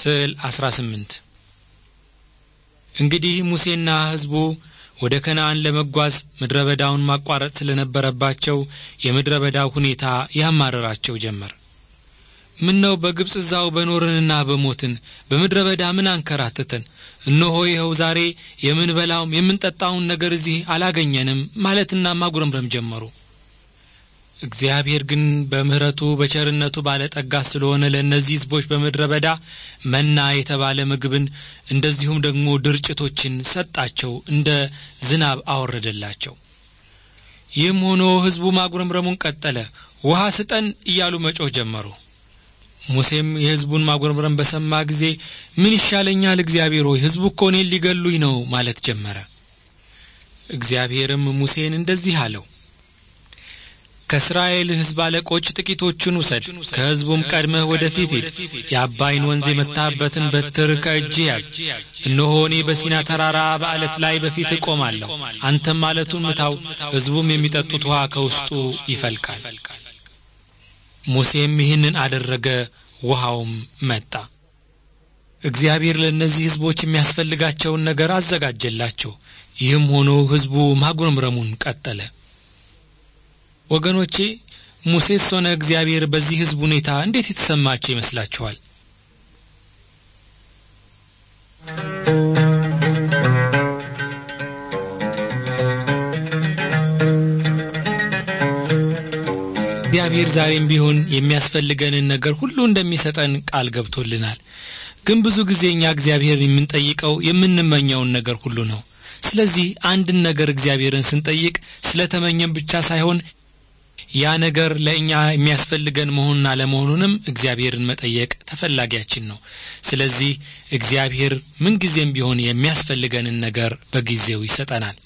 ስዕል 18 እንግዲህ ሙሴና ሕዝቡ ወደ ከነአን ለመጓዝ ምድረ በዳውን ማቋረጥ ስለነበረባቸው የምድረ በዳው ሁኔታ ያማረራቸው ጀመር። ምን ነው በግብፅ እዛው በኖርንና በሞትን በምድረ በዳ ምን አንከራተተን? እነሆ ይኸው ዛሬ የምንበላውም የምንጠጣውን ነገር እዚህ አላገኘንም ማለትና ማጉረምረም ጀመሩ። እግዚአብሔር ግን በምሕረቱ በቸርነቱ ባለጠጋ ስለሆነ ለእነዚህ ሕዝቦች በምድረ በዳ መና የተባለ ምግብን እንደዚሁም ደግሞ ድርጭቶችን ሰጣቸው፣ እንደ ዝናብ አወረደላቸው። ይህም ሆኖ ሕዝቡ ማጉረምረሙን ቀጠለ። ውሃ ስጠን እያሉ መጮህ ጀመሩ። ሙሴም የሕዝቡን ማጉረምረም በሰማ ጊዜ ምን ይሻለኛል? እግዚአብሔር ሆይ ሕዝቡ እኮ እኔን ሊገሉኝ ነው ማለት ጀመረ። እግዚአብሔርም ሙሴን እንደዚህ አለው ከእስራኤል ሕዝብ አለቆች ጥቂቶቹን ውሰድ፣ ከሕዝቡም ቀድመህ ወደፊት ሂድ። የአባይን ወንዝ የመታህበትን በትር ከእጅ ያዝ። እነሆ እኔ በሲና ተራራ በዓለት ላይ በፊት እቆማለሁ። አንተም ማለቱን ምታው፣ ሕዝቡም የሚጠጡት ውሃ ከውስጡ ይፈልቃል። ሙሴም ይህንን አደረገ፣ ውሃውም መጣ። እግዚአብሔር ለእነዚህ ሕዝቦች የሚያስፈልጋቸውን ነገር አዘጋጀላቸው። ይህም ሆኖ ሕዝቡ ማጉረምረሙን ቀጠለ። ወገኖቼ ሙሴስ ሆነ እግዚአብሔር በዚህ ህዝብ ሁኔታ እንዴት የተሰማቸው ይመስላችኋል? እግዚአብሔር ዛሬም ቢሆን የሚያስፈልገንን ነገር ሁሉ እንደሚሰጠን ቃል ገብቶልናል። ግን ብዙ ጊዜ እኛ እግዚአብሔር የምንጠይቀው የምንመኘውን ነገር ሁሉ ነው። ስለዚህ አንድን ነገር እግዚአብሔርን ስንጠይቅ ስለተመኘን ብቻ ሳይሆን ያ ነገር ለእኛ የሚያስፈልገን መሆኑን አለመሆኑንም እግዚአብሔርን መጠየቅ ተፈላጊያችን ነው ስለዚህ እግዚአብሔር ምንጊዜም ቢሆን የሚያስፈልገንን ነገር በጊዜው ይሰጠናል